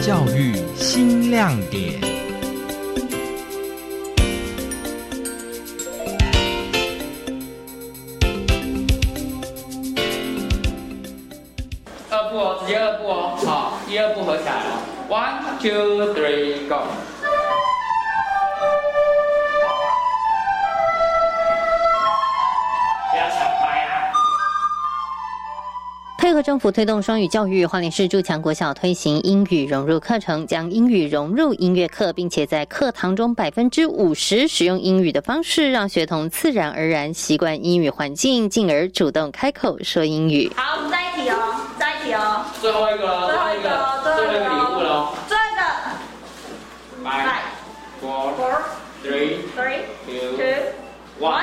教育新亮點。二步哦，直接二步哦，好，一二步合起來哦。One, two, three, go. 配合政府推動雙語教育，花蓮市鑄強國小推行英語融入課程，將英語融入音樂課，並且在課堂中百分之五十使用英語的方式，讓學童自然而然習慣英語環境，進而主動開口說英語。好，我們再一題哦，再一題哦。最後一個，最後一個，最後一個禮物了。這個,個，個。Bye. Four. Three. Two. One.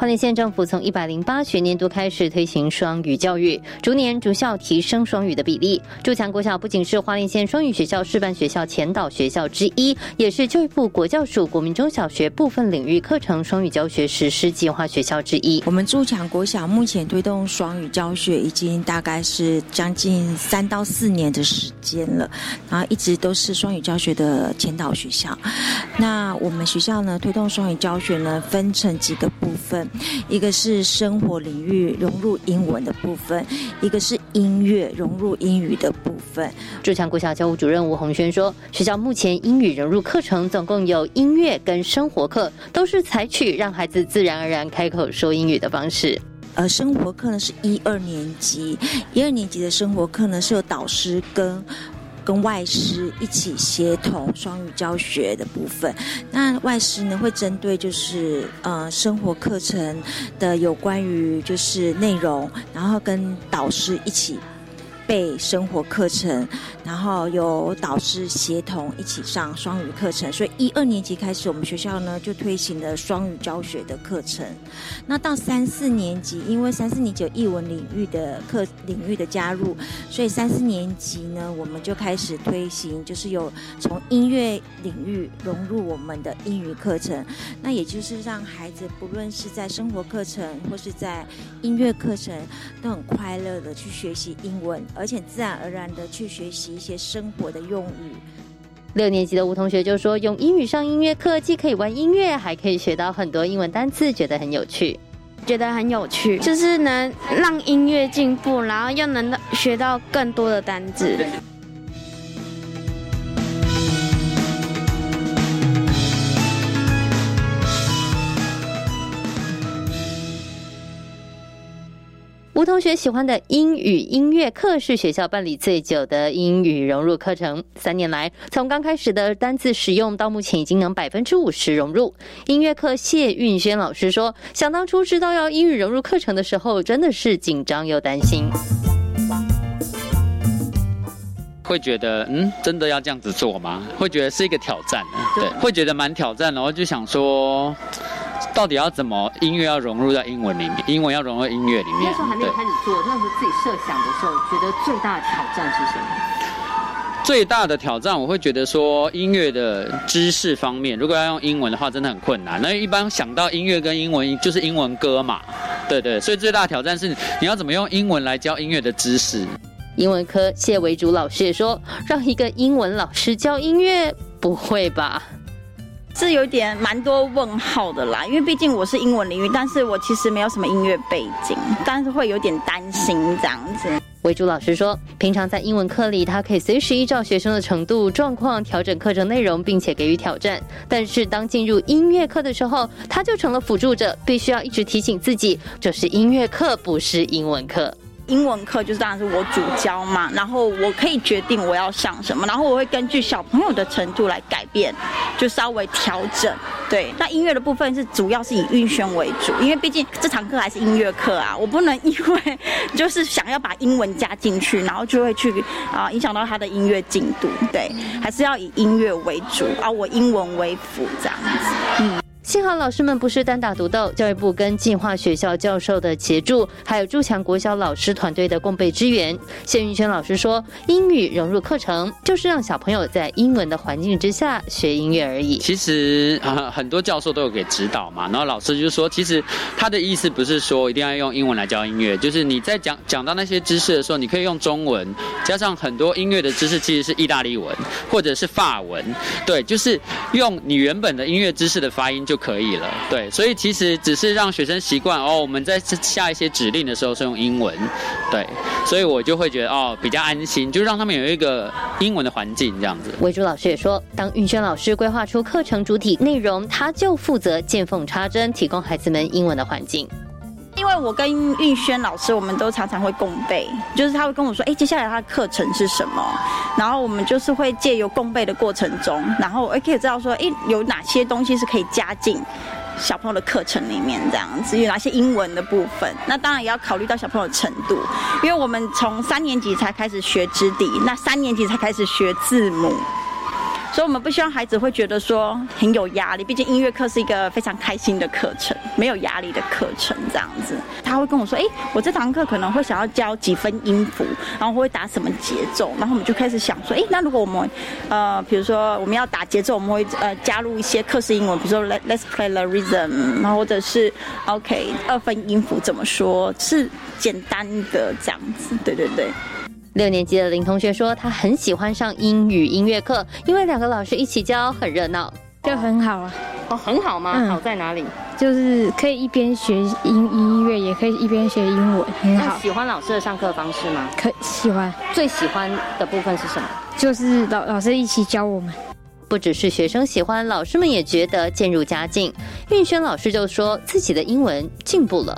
花蓮縣政府從一百零八學年度開始推行雙語教育，逐年逐校提升雙語的比例。鑄強國小不僅是花蓮縣雙語學校示範學校、前導學校之一，也是教育部國教署國民中小學部分領域課程雙語教學實施計劃學校之一。我們鑄強國小目前推動雙語教學已經大概是將近三到四年的時間了，然後一直都是雙語教學的前導學校。那我們學校呢，推動雙語教學呢，分成幾個部分。一個是生活領域融入英文的部分，一個是音樂融入英語的部分。鑄強國小教務主任吳宏軒說，學校目前英語融入課程總共有音樂跟生活課，都是採取讓孩子自然而然開口說英語的方式。而生活課呢是一二年級，一二年級的生活課呢是有導師跟。跟外師一起協同雙語教學的部分，那外師呢，會針對就是，呃，生活課程的有關於就是內容，然後跟導師一起，備生活課程，然後有導師協同一起上雙語課程，所以一二年級開始，我們學校呢就推行了雙語教學的課程。那到三四年級，因為三四年級有藝文領域的課領域的加入，所以三四年級呢，我們就開始推行，就是有從音樂領域融入我們的英語課程。那也就是讓孩子，不論是在生活課程或是在音樂課程，都很快樂地去學習英文。而且自然而然的去學習一些生活的用語。六年級的吳同學就說：“用英語上音樂課，既可以玩音樂，還可以學到很多英文單詞，覺得很有趣。”“覺得很有趣，就是能讓音樂進步，然後又能學到更多的單詞。”吳同學喜歡的英語音樂課是學校辦理最久的英語融入課程。三年來，從剛開始的單字使用到目前已經能百分之五十融入。音樂課謝運軒老師說：“想當初知道要英語融入課程的時候，真的是緊張又擔心，會覺得嗯，真的要這樣子做嗎？會覺得是一個挑戰，對，會覺得蠻挑戰，然後就想說。”到底要怎麼音樂要融入到英文裡面？英文要融入音樂裡面。你那時候還沒有開始做，對那時候自己設想的時候，覺得最大的挑戰是什麼？最大的挑戰我會覺得說音樂的知識方面，如果要用英文的話，真的很困難。那一般想到音樂跟英文，就是英文歌嘛，對對、對。所以最大挑戰是你要怎麼用英文來教音樂的知識？英文科謝維竹老師也說，讓一個英文老師教音樂，不會吧？是有點蠻多問號的啦，因為畢竟我是英文領域，但是我其實沒有什麼音樂背景，但是會有點擔心這樣子。維朱老師說，平常在英文課裡，他可以隨時依照學生的程度狀況調整課程內容，並且給予挑戰；但是當進入音樂課的時候，他就成了輔助者，必須要一直提醒自己，這是音樂課，不是英文課。英文課就是當然是我主教嘛，然後我可以決定我要上什麼，然後我會根據小朋友的程度來改變，就稍微調整。對，那音樂的部分是主要是以韻旋為主，因為畢竟這堂課還是音樂課啊，我不能因為就是想要把英文加進去，然後就會去啊影響到他的音樂進度。對，還是要以音樂為主，啊，我英文為輔這樣子。嗯。幸好老師們不是單打獨鬥，教育部跟進化學校教授的協助，還有鑄強國小老師團隊的共備支援。謝雲軒老師說：“英語融入課程，就是讓小朋友在英文的環境之下學音樂而已。”其實，呃，很多教授都有給指導嘛，然後老師就說，其實他的意思不是說一定要用英文來教音樂，就是你在講講到那些知識的時候，你可以用中文，加上很多音樂的知識其實是意大利文或者是法文，對，就是用你原本的音樂知識的發音就。可以了，對，所以其實只是讓學生習慣哦，我們在下一些指令的時候是用英文，對，所以我就會覺得哦比較安心，就讓他們有一個英文的環境這樣子。魏竹老師也說，當運軒老師規劃出課程主體內容，他就負責見縫插針提供孩子們英文的環境。因為我跟玉軒老師，我們都常常會共備，就是他會跟我說，哎、欸，接下來他的課程是什麼，然後我們就是會借由共備的過程中，然後我也可以知道說，哎、欸，有哪些東西是可以加進小朋友的課程裡面，這樣子有哪些英文的部分，那當然也要考慮到小朋友的程度，因為我們從三年級才開始學肢體，那三年級才開始學字母。所以我們不希望孩子會覺得說很有壓力，畢竟音樂課是一個非常開心的課程，沒有壓力的課程這樣子。他會跟我說：“哎，我這堂課可能會想要教幾分音符，然後會打什麼節奏？”然後我們就開始想說：“哎，那如果我們，呃，比如說我們要打節奏，我們會呃加入一些課室英文，比如說 Let's play the rhythm，然後或者是 OK 二分音符怎麼說是簡單的這樣子。”對對對。六年級的林同學說，他很喜歡上英語音樂課，因為兩個老師一起教很，很熱鬧，就很好啊。哦，很好嗎？嗯，好在哪裡？就是可以一邊學音音樂，也可以一邊學英文，很好。你喜歡老師的上課方式嗎？可喜歡。最喜歡的部分是什麼？就是老老師一起教我們。不只是學生喜歡，老師們也覺得漸入佳境。運軒老師就說自己的英文進步了。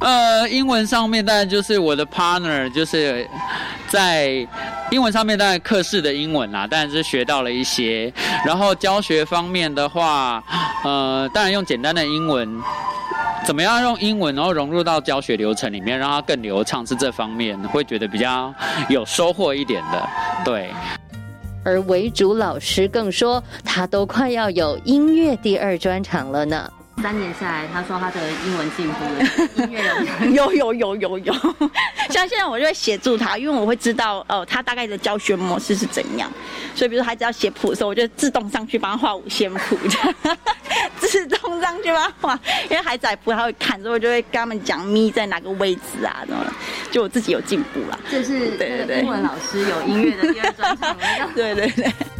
呃，英文上面當然就是我的 partner，就是在英文上面當然課室的英文啦、啊，當然是學到了一些。然後教學方面的話，呃，當然用簡單的英文，怎麼樣用英文然後融入到教學流程裡面，讓它更流暢，是這方面會覺得比較有收穫一點的。對。而維竹老師更說，他都快要有音樂第二專長了呢。三年下來，他說他的英文進步了，音樂有有有有有，像現在我就會協助他，因為我會知道哦、呃，他大概的教學模式是怎樣，所以比如孩子要寫譜的時候，我就自動上去幫他畫五線譜，這樣自動上去幫他畫，因為孩子還在譜，他會看，所以我就會跟他們講咪在哪個位置啊，怎麼，就我自己有進步啦。就是英文老師有音樂的第二專長。對對對。要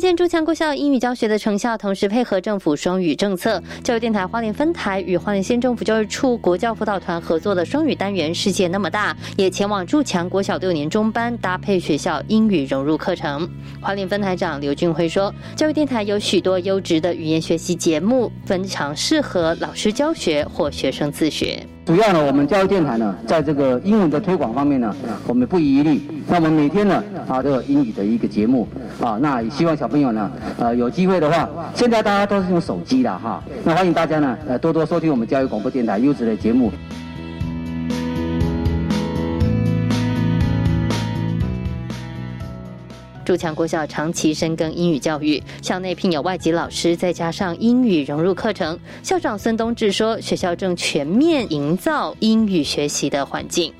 見鑄強國小英語教學的成效，同時配合政府雙語政策，教育電台花蓮分台與花蓮縣政府教育處國教輔導團合作的雙語單元《世界那麼大》也前往鑄強國小六年中班，搭配學校英語融入課程。花蓮分台長劉俊輝說：“教育電台有許多優質的語言學習節目，非常適合老師教學或學生自學。主要呢，我們教育電台呢，在這個英文的推廣方面呢，我們不遺餘力。那我們每天呢，發這個英語的一個節目。”啊、哦，那希望小朋友呢，呃，有機會的話，現在大家都是用手機的哈，那歡迎大家呢，呃，多多收聽我們教育廣播電台優質的節目。鑄強國小長期深耕英語教育，校內聘有外籍老師，再加上英語融入課程。校長孫東志說，學校正全面營造英語學習的環境。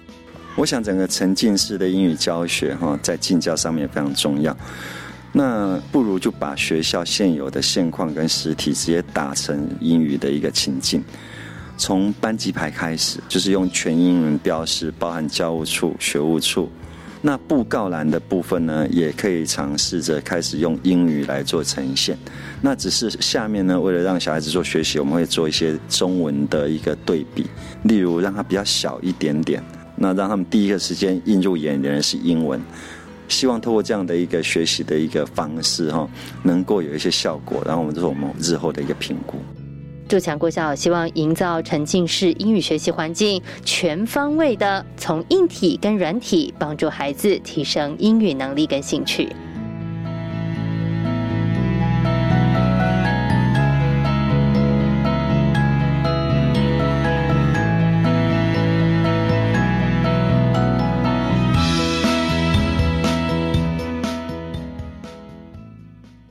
我想，整個沉浸式的英語教學哈、哦，在進教上面非常重要。那不如就把學校現有的現況跟實體直接打成英語的一個情境，從班級牌開始，就是用全英文標識，包含教務處、學務處。那布告欄的部分呢，也可以嘗試着開始用英語來做呈現。那只是下面呢，為了讓小孩子做學習，我們會做一些中文的一個對比，例如讓他比較小一點點，那讓他們第一個時間映入眼簾的是英文。希望通過這樣的一個學習的一個方式哈，能夠有一些效果。然後我們就是我們日後的一個評估。鑄強國小希望營造沉浸式英語學習環境，全方位的從硬體跟軟體幫助孩子提升英語能力跟興趣。